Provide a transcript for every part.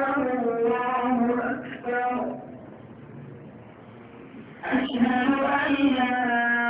أشهد أن لا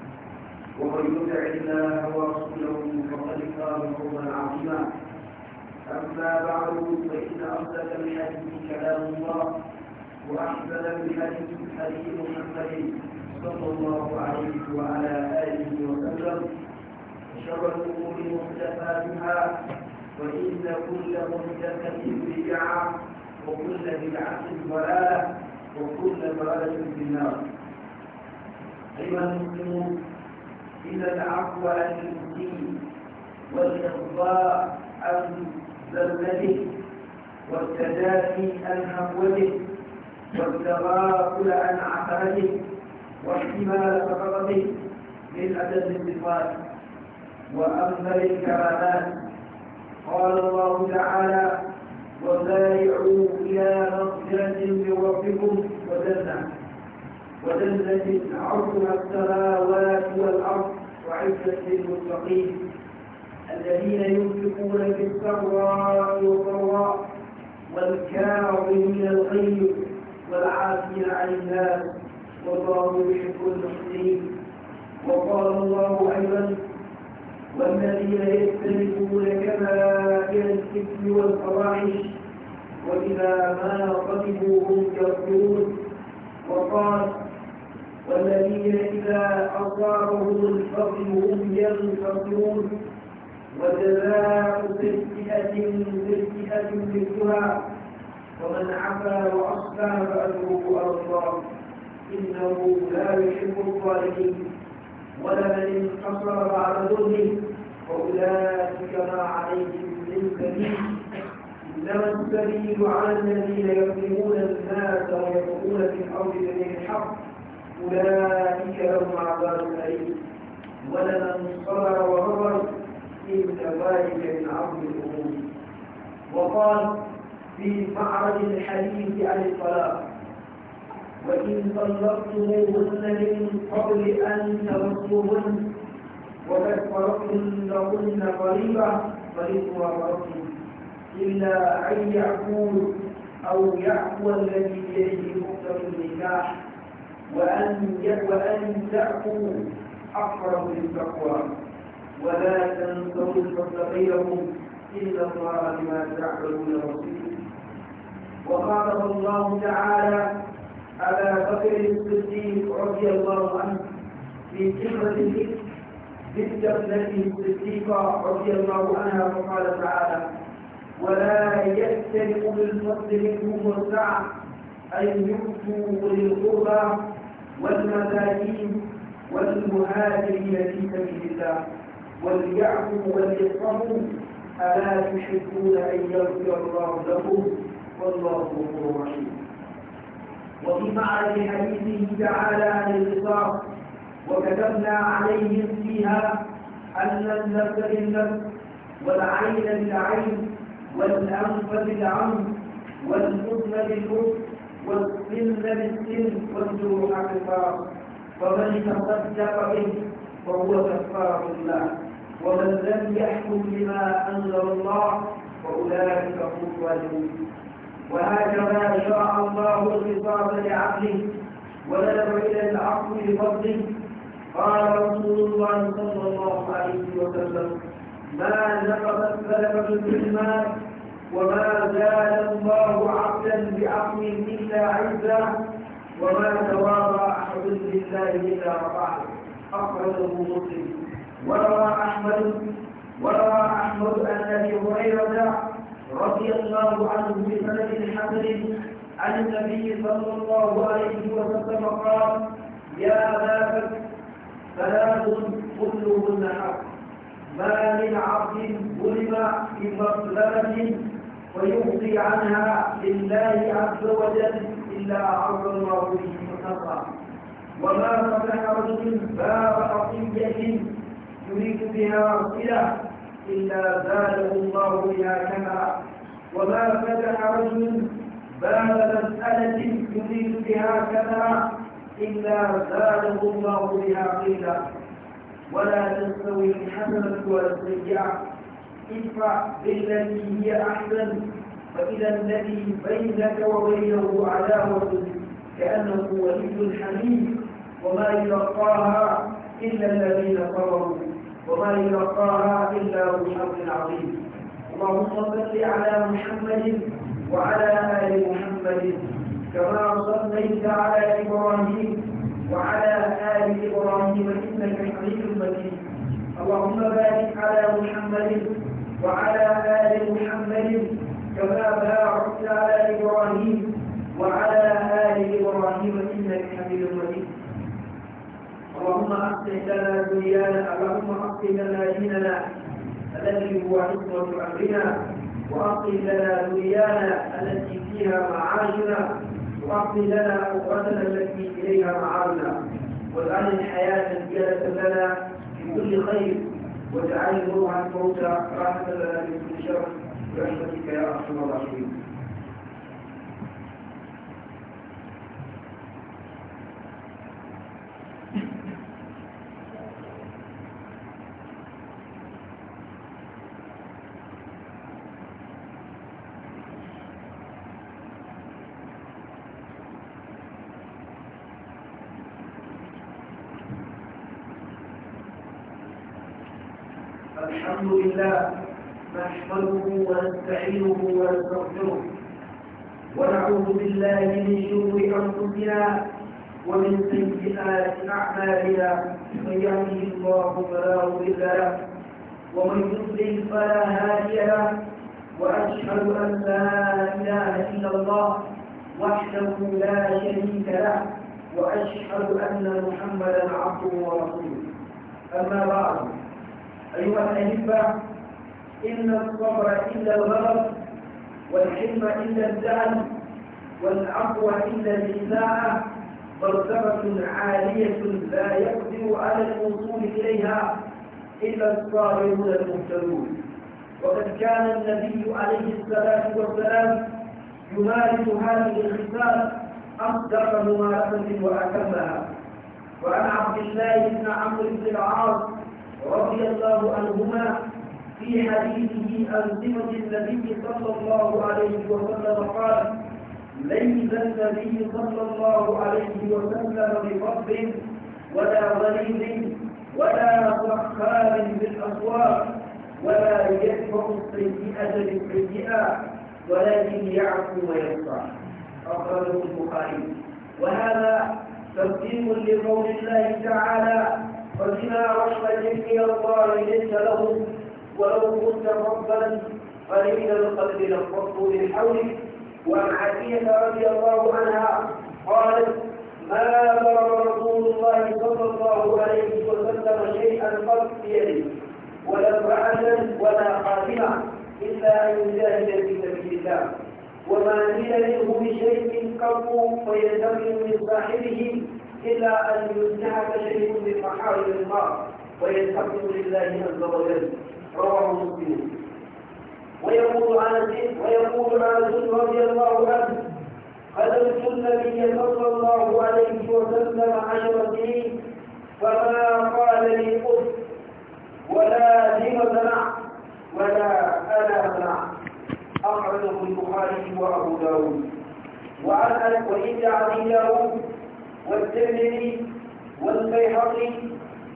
ومن يطع الله ورسوله فقد قام قوما عظيما اما بعد فان اصدق الحديث كلام الله واحسن الحديث حديث محمد صلى الله عليه وعلى اله وسلم وشر الامور محدثاتها وان كل محدثه بدعه وكل بدعه ضلاله وكل ضلاله في النار ايها المسلمون إلى العفو عن المسكين والإرضاء عن زوجته والتدافي عن هفوته والتغافل عن عثرته واحتمال سقطته من أدب الصفات وأمثل الكرامات قال الله تعالى وسارعوا إلى مغفرة من ربكم وجنة وجنة عرضها السماوات والأرض وعزة للمتقين الذين ينفقون في السراء والضراء والكاظمين الغيظ والعافين عن الناس والله يحب المحسنين وقال الله ايضا والذين يجتنبون كبائر الاثم والفواحش واذا ما غضبوا هم يغفرون وقال والذين إذا أصابهم الفضل هم ينتصرون وجزاء سيئة سيئة مثلها ومن عفا وأصلح فأجره على الله إنه لا يحب الظالمين ولمن انتصر بعد ظلمه فأولئك ما عليهم من سبيل إنما السبيل على الذين يظلمون الناس ويبقون في الأرض بغير الحق أولئك لهم عذاب أليم ولمن صبر وغفر إن ذلك من عظم الأمور وقال في معرض الحديث عن الطلاق وإن طلقتموهن من قبل أن تمسوهن وقد فرضتم لهن قريبا فلكما فرضتم إلا أن يعفون أو يعفو الذي بيده مقتضى النكاح وأن وأن تعفوا أقرب للتقوى ولا تنسوا الفضل غيركم إلا الله بما تعملون بصير وقال الله تعالى على بكر الصديق رضي الله عنه في كلمة بنت ابنته الصديقة رضي الله عنها فقال تعالى ولا يستلق بالفضل منكم والسعة أن يؤتوا أولي القربى والمساكين والمهاجرين في سبيل الله وليعفوا وليصفحوا ألا تحبون أن يغفر الله لكم والله غفور رحيم وفي معنى حديثه تعالى عن القصاص وكتبنا عليهم فيها أن النفس بالنفس والعين بالعين والأنف بالعنف والحزن بالحزن من للسن والجروح كفار ومن تصدق به فهو كفار الله ومن لم يحكم بما أنزل الله فأولئك هم الظالمون وهكذا شرع الله الخطاب لعقله ولدعو إلى العقل بفضله قال رسول الله صلى الله عليه وسلم ما نقصت فلكة الكلمات وما زاد الله عبدا بعقله إلا عزة وما تواضع أحد لله إلا رفعه أخرجه مسلم وروى أحمد وروى أحمد أن أبي هريرة رضي الله عنه بسند حسن عن النبي صلى الله عليه وسلم قال يا ابا بكر ثلاث كلهن حق ما من عبد ظلم في مظلمه ويبقي عنها لله عز وجل إلا عرض الله به فقط وما فتح رجل باب عطية يريد بها صلة إلا زاده الله بها كما وما فتح رجل باب مسألة يريد بها كما إلا زاده الله بها قيلا ولا تستوي الحسنة ولا السيئة ادفع بالتي هي أحسن فإذا الذي بينك وبينه عداوة كأنه ولي حميد وما يلقاها إلا الذين كفروا وما يلقاها إلا ذو حظ عظيم اللهم صل على محمد وعلى آل محمد كما صليت على إبراهيم وعلى آل إبراهيم إنك حميد مجيد اللهم بارك على محمد وعلى آل محمد كما باركت على إبراهيم وعلى آل إبراهيم إنك حميد مجيد اللهم أحسن لنا دنيانا اللهم أحسن لنا ديننا الذي هو عصمة أمرنا وأصلح لنا دنيانا التي فيها معاشنا وأصلح لنا أخرتنا التي إليها معادنا واجعل الحياة زيادة لنا في كل خير واجعلني عن الموتى رحمة لنا من كل شر برحمتك يا أرحم الراحمين نستعينه ونستغفره ونعوذ بالله من شرور انفسنا ومن سيئات اعمالنا من يهده الله فلا مضل له ومن يضلل فلا هادي له واشهد ان لا اله الا الله وحده لا شريك له واشهد ان محمدا عبده ورسوله اما بعد ايها الاحبه إن الصبر إلا الغضب والحلم إلا الزعل والعفو إلا الإساءة مرتبة عالية لا يقدر على الوصول إليها إلا الصابرون المهتدون وقد كان النبي عليه الصلاة والسلام يمارس هذه الخصال أصدق ممارسة وأتمها وعن عبد الله بن عمرو بن العاص رضي الله عنهما في حديثه عن صفة النبي صلى الله عليه وسلم قال ليس النبي صلى الله عليه وسلم بفضل ولا غليظ ولا سخاب بالأسواق ولا يدفع السيئة بالسيئة ولكن يعفو ويصفح أخرجه البخاري وهذا تقديم لقول الله تعالى فبما رحمة من الله لنت لهم ولو كنت ربا قليل القلب لانفضوا من حولك وعن عائشة رضي الله عنها قالت ما ضرب رسول الله صلى الله عليه وسلم شيئا قط بيده ولا امرأة ولا قاتلة إلا أن يجاهد في سبيل الله وما نيل منه بشيء قط فينتقم من صاحبه إلا أن ينتهك شيء من محارم الله ويستقبل لله عز وجل رواه مسلم ويقول عن ويقول عن رضي الله عنه خلفت النبي صلى الله عليه وسلم عشر سنين فما قال لي اف ولا لم منعت ولا انا منعت اخرجه البخاري وابو داود وعن وعند عبد الله والترمذي والبيهقي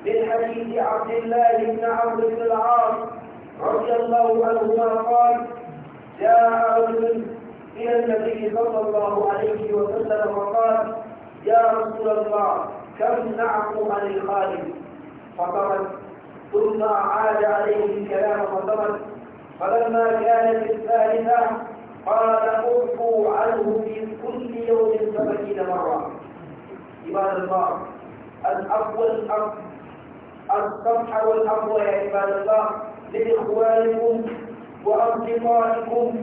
من حديث عبد الله بن عمرو بن العاص رضي الله عنهما قال جاء رجل إلى النبي صلى الله عليه وسلم وقال يا رسول الله كم نعفو عن الخالق فطرت ثم عاد عليه الكلام فطرت فلما كانت الثالثة قال اعفوا عنه في كل يوم سبعين مرة عباد الله الأول أفضل الصفح الأمر يا عباد الله لإخوانكم وأصدقائكم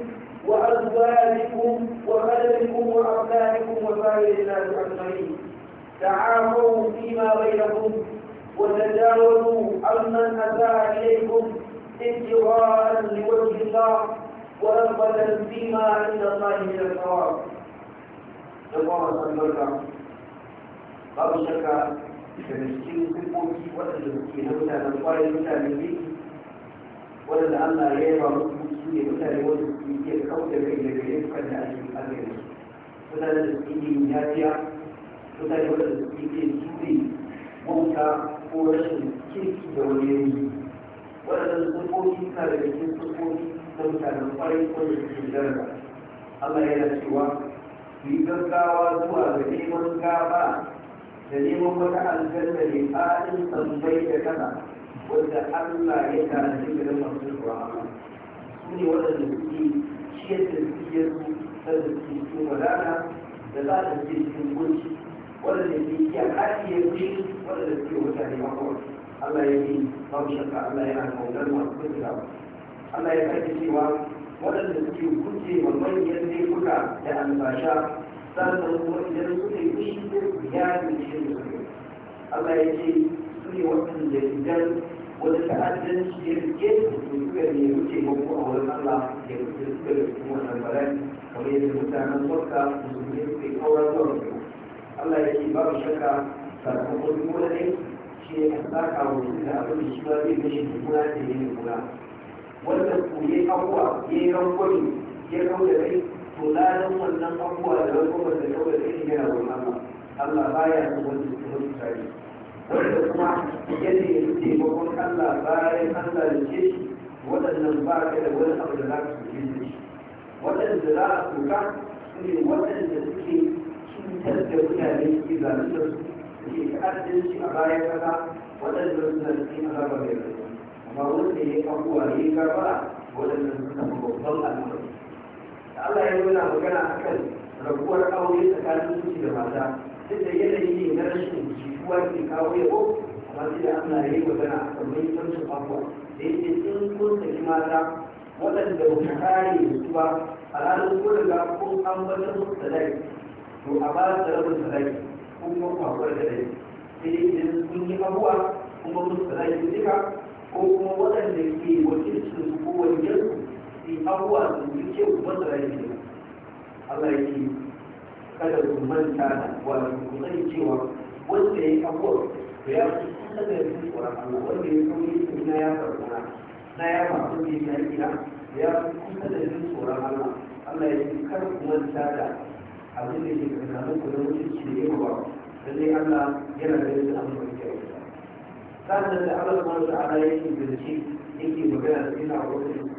وأزواجكم وخلفكم وأبنائكم وسائر الناس أجمعين تعاونوا فيما بينكم وتجاوزوا عمن أساء إليكم ابتغاء لوجه الله ورغبة فيما عند الله من الثواب. الله أكبر. قبل shakka daga cikin sifofi waɗanda suke na mutanen kwarai mutanen yake waɗanda Allah ya yaba musu su ne mutane wanda suke iya kauce kai daga kan da ake azare su mutane da suke yin yafiya mutane waɗanda suke iya jure mota, ko rashin kirki da wani yanzu waɗanda sifofi na da cikin sifofi na mutanen kwarai wanda suke jarra Allah yana cewa Su yi gaggawa zuwa ga neman gaba da neman wata aljanna ne fadin tambayi da kana wanda Allah ya tanaji da masu rahama su ne waɗanda suke ciyar da ciyar su ta da suke cikin wadana da za ta ce cikin gunci waɗanda ke iya kaɗi ya fi waɗanda suke wata ne makon Allah ya yi babu shakka Allah yana kaunar masu kudura Allah ya sake cewa waɗanda suke guje wa manyan kuka da albasha sannan kuma idan suka yi ko ya yi da su Allah ya ce su ne waɗanda idan wani ta'addanci ya rike su to suka ne wuce mako a wurin Allah ya wuce suka da kuma wannan kamar yadda mutanen Makka musulmi suka yi auren zuwa su Allah ya ce babu shakka sakamakon duk wani ne shi ne a saka wa mutum da abin da shi ba zai mishi ya da yin mummuna wanda ku yi abuwa ya yi rangwani ya kawo da rai to ladan wannan abubuwa da wasu da kawai da shi yana gurin Allah ba ya su wani su tare wanda kuma yadda ya fi taimakon Allah bayan Allah da ke shi waɗannan ba ka da wani abu da za ka su da shi waɗanda za a tuka su ne waɗanda suke cutar da mutane suke da su suke kaɗin shi a bayan kasa waɗanda suna cikin azaba mai rai amma wanda ya yi abubuwa ya yi gaba waɗanda suna mabauta Allah ya nuna magana a kan rabuwar aure tsakanin miji da mata duk da yanayi ne na rashin jituwa ke kawo yabo amma sai da Allah ya yi magana kan muhimmancin abuwa da yake sun kun saki mata waɗanda ba su kare mutuwa a ranar ko da ko an batar musu sadaki to a ba su rabin sadaki ko kuma kwakwar da dai sai idan kun yi abuwa kuma musu sadaki duka ko kuma waɗanda ke wakilcin su ko wani yanzu sun في أول يجب مصر يجب الله يجب kada ku manta da wani ku sani cewa wanda ya yi abuwa da ya fi kusa da yanzu tsoron Allah wanda ya yi su na ya farfana na ya faru ne na gida da ya fi kusa da yanzu tsoron Allah Allah ya yi kar ku manta da abin da ke kankanin ku da mutunci da yawa da dai Allah yana da yanzu abin da ke yau sannan da Allah ma da Allah yake zance yake magana da ina wani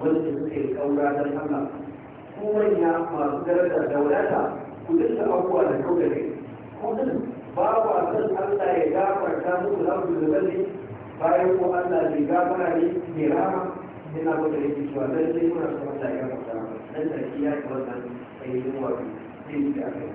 wanda suka yi kaura don Allah ko manya masu darajar da wadata ku dinga abubuwa da kau da ko din ba wa san Allah ya gafarta muku za ku zubar ne bayan ko Allah bai gafara ne ke rama yana gwada yake cewa dan sai muna son Allah ya gafarta dan sarki ya kawar wannan ayyukan wato sai da aka yi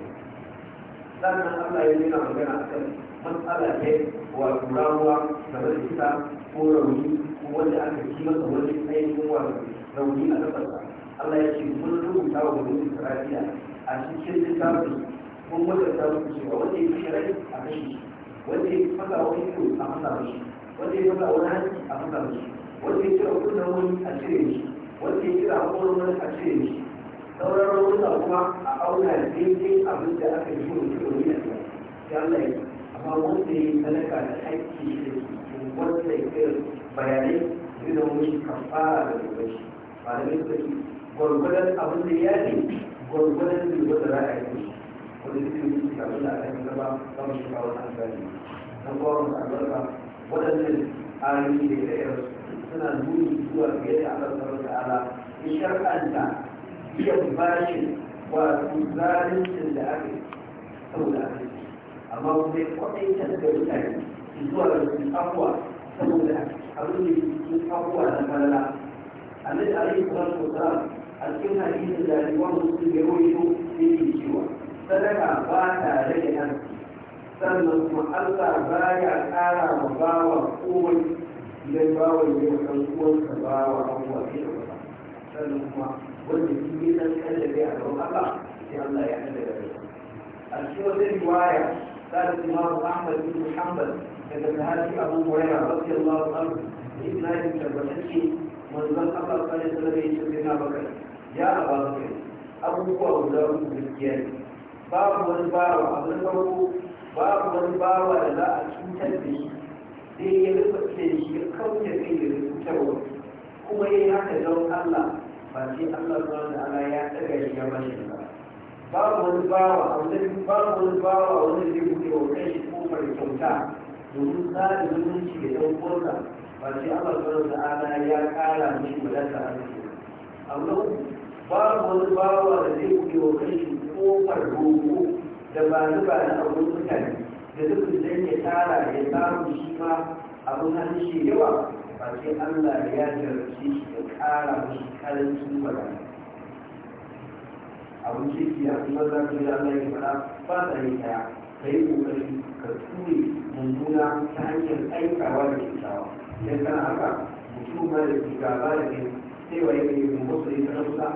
sannan Allah ya nuna magana a kan matsala ce wato ramuwa da rikita ko rauni Kuma wanda aka ji masa wani ainihin wato rauni a kafarsa Allah ya ce mun rubuta wa bani Isra'ila a cikin littafin mun ta musu cewa wanda ya fi rai a kashe shi wanda ya fasa wani ko a fasa shi. wanda ya fasa wani hanci a fasa shi. wanda ya kira kunnen wani a cire shi wanda ya kira hakorin wani a cire shi sauran rauni kuma a auna daidai abin da aka yi mutum ne a kai sai Allah ya amma wanda ya yi sadaka da haƙƙi da wanda ya kai bayanai zai zama mishi kafara da gobe shi ba da nufin gwargwadon abin da ya yi gwargwadon da gobe da za a yi wanda zai yi mishi abin da aka yi gaba ba mu shiga wani an gani don gwamnati albarka waɗannan ayoyi da ya yi suna nuni zuwa fiye da Allah subhanahu ta'ala ya shar'anta iya bashin wato zalincin da aka yi saboda aka yi amma kuma ya kwaɗai ta daga mutane zuwa da su afuwa saboda abin da su afuwa na da annabi kuma su kusa, a cikin hadisin da liman muslim ya ne ke cewa sadaka ba ta rage nan sannan kuma Allah ba ya ƙara wa bawa kowai idan bawa ya wa ɗan uwansa bawa abubuwa ke da wata sannan kuma wanda shi kan da bai a gaba Allah sai Allah ya kallabe a cikin wata riwaya قال الإمام أحمد بن محمد daga sahabi abu hurairah radiyallahu anhu ibn abi tabbataki ya na ya abubuwa guda uku gaskiya ne babu wani bawa abu na farko babu wani bawa da za a cutar da shi sai ya da shi ya kauce da kuma ya yi haka don Allah ba sai Allah ruwan da ta'ala ya tsaga shi ya bashi ba babu wani bawa wanda babu wani bawa wanda zai buɗe wa kai kofar kyauta domin tsarin zumunci da ɗan uwansa ba sai Allah subhanahu wa ta'ala ya ƙara mishi wadata a cikin amma babu wani bawa da zai buɗe wa kai kofar roƙo da ba zuba na abun mutane da duk da ya tara ya samu shi ma abin hannun shi yawa ba sai Allah ya jarabce shi da ƙara mishi karancin wadata abin kirki a kuma za ka yi Allah ya faɗa ba ta yi ɗaya ka yi ƙoƙari ka ture mummuna ta hanyar aikawa da kyautawa idan kana haka mutum ba da gaba da kai sai wa yake yin wasu ita ta kusa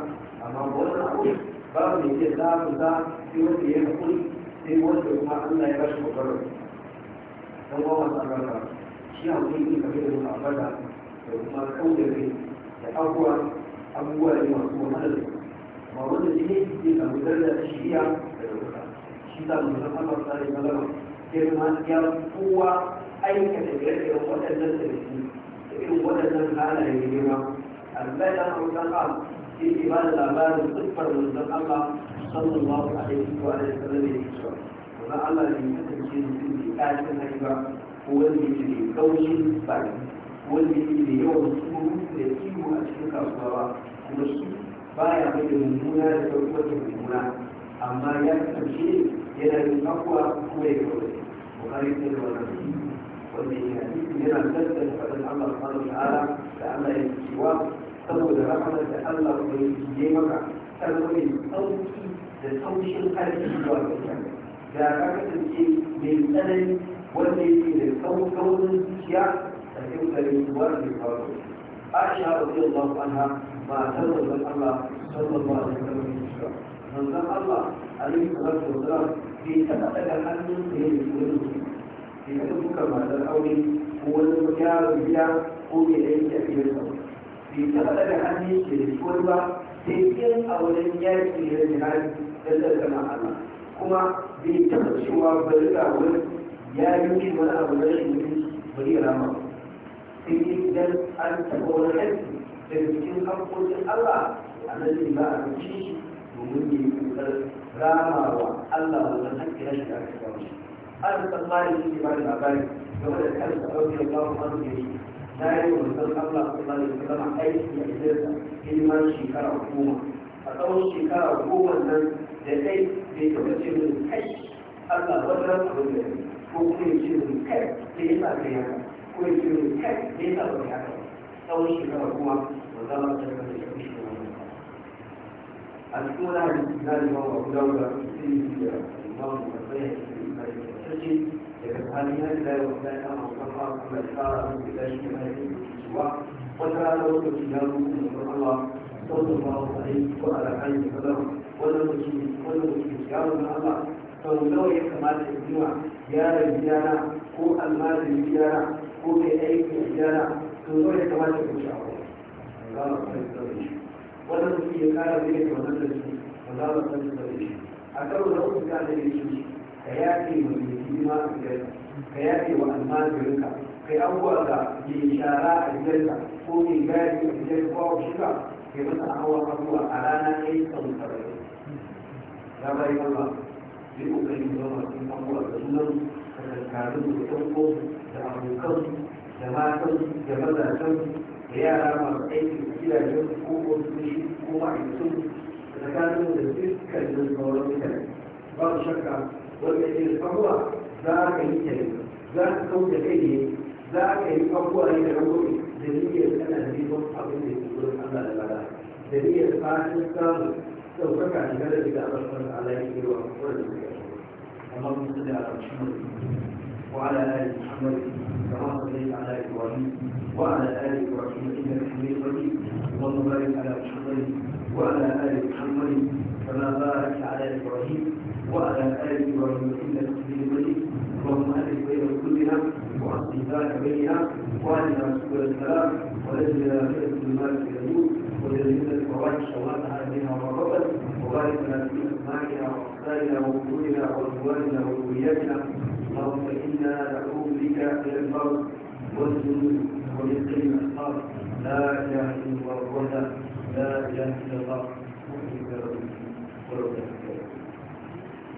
amma wannan abu ba mai iya za ku za sai wanda ya haƙuri sai wanda kuma Allah ya ba shi ƙwaƙwarar don ba masu albarka shi haƙuri ne kamar da muka ambata da kuma kauda kai da abubuwa abubuwa ne masu wahalar da موضوع الجنيه يبقى مدرسة الشريعة الشيطان من محمد صلى الله عليه وسلم كلمة أي كتبير إلى وقت الناس إلى وقت الناس على الجنيه البلد المتقام في جبال الأمان صلى الله عليه وآله وسلم وما الله يمتلك في آية الهيبة هو الذي يكوش الفرد والذي يوم سمو يتيم أشكك أصدرا ومشكك ba ya mai da mummuna da ɗaukar da mummuna amma ya kasance yana yin akwa ko ya kawai bukari ne da wannan wanda ya hadisi yana tattara faɗin Allah subhanahu wa ta'ala da Allah ya cewa saboda rahmar da Allah ya yi maka ta zama mai sauki da taushin arziki zuwa ga mutane da ka kasance mai tsanani wanda yake da sauƙaunin zuciya a cikin garin wanda ya faru. Aisha radiyallahu anha matar manzon Allah sallallahu alaihi wasallam manzon Allah alaihi salatu wasallam bai taɓa daga hannun sa yayin da yake bai taɓa buka matar aure ko wani yaro biya ko mai da yake a cikin sa bai taɓa daga hannun sa yayin ko ba sai yin a wajen yaki da jihadi da zargana Allah kuma bai taɓa cewa bari ga wani ya yi wani abu na shi mutum bari ya rama sai dai idan an taɓa wani daga cikin harkokin Allah annabi ba a rufe domin ya yi kokar ramawa Allah wannan hakki na shiga ka kawo shi an san mali shi ke bani labari game da kan da ɗauke da kawo masu gari na yi wa mutum Allah ko ba da zama aiki a gidansa hidimar shekara goma a tsawon shekara goma nan da kai bai taɓa ce min kai Allah wannan abu da ko kuma ya ce min kai da ya sa kai haka ko ya ce min kai da ya sa kai haka tsawon shekara kuma ba za a ta da shi shi a cikin wani hadisi na liman wa guda guda sai da imam da bayan shi da sace daga tsakanin ya da yawa da ya amma kafa kuma da fara da da shi da mai cewa wata rana wata ci ya rubuta da Allah sallallahu alaihi wa ala alihi wa sallam wannan mutum wannan mutum ya rubuta Allah sau nawa ya kamata ya yi wa yaron gidana ko almajirin gidana ko kai aiki a gidana to ya kamata ku sha wani ba za mu san da shi wannan su ya kara zai wannan da shi ba za mu san da shi a karo da uku ka da shi ka yafe mu ne hidima a gidanka ka yafe wa almajirinka ka yi abubuwa da ke shara a ka. ko ke gari a gidanka ko a shiga ka yi masa hawa a rana ɗaya yi tsawon sarari ya bayi Allah zai ƙoƙarin zama cikin abubuwa da sunan ka tattalin da ɗan da abokan da matan da mazajen da yara masu aiki da gidajen ko ofisoshi ko ma'aikatu da tsakanin da dukkan da sauran mutane babu shakka wanda ke faruwa za ka yi kyau za ka kau da kai ne za ka yi abubuwa ne da rahoto da niyyar kana da neman abin da ke gurin Allah da lada da niyyar fatan samu ɗaukaka da Allah subhanahu wa ta'ala yi wa wanda ya amma mun da Allah shi وعلى آل محمد كما صليت على إبراهيم وعلى آل إبراهيم إنك حميد مجيد اللهم بارك على محمد وعلى آل محمد كما باركت على إبراهيم وعلى آل إبراهيم إنك حميد مجيد اللهم ألف بين كلنا وأصلح ذاك بيننا وأعلنا سبل السلام وأجعلنا في الظلمات اليمين وجنبنا الفواحش وما تعلمنا وغضبا وبارك لنا في أسماعنا وأخطائنا وأمورنا وأزواجنا وذرياتنا اللهم إنا نعوذ بك من الموت والذنوب ومن كلمة الحق لا إله إلا الله لا إله إلا الله ولو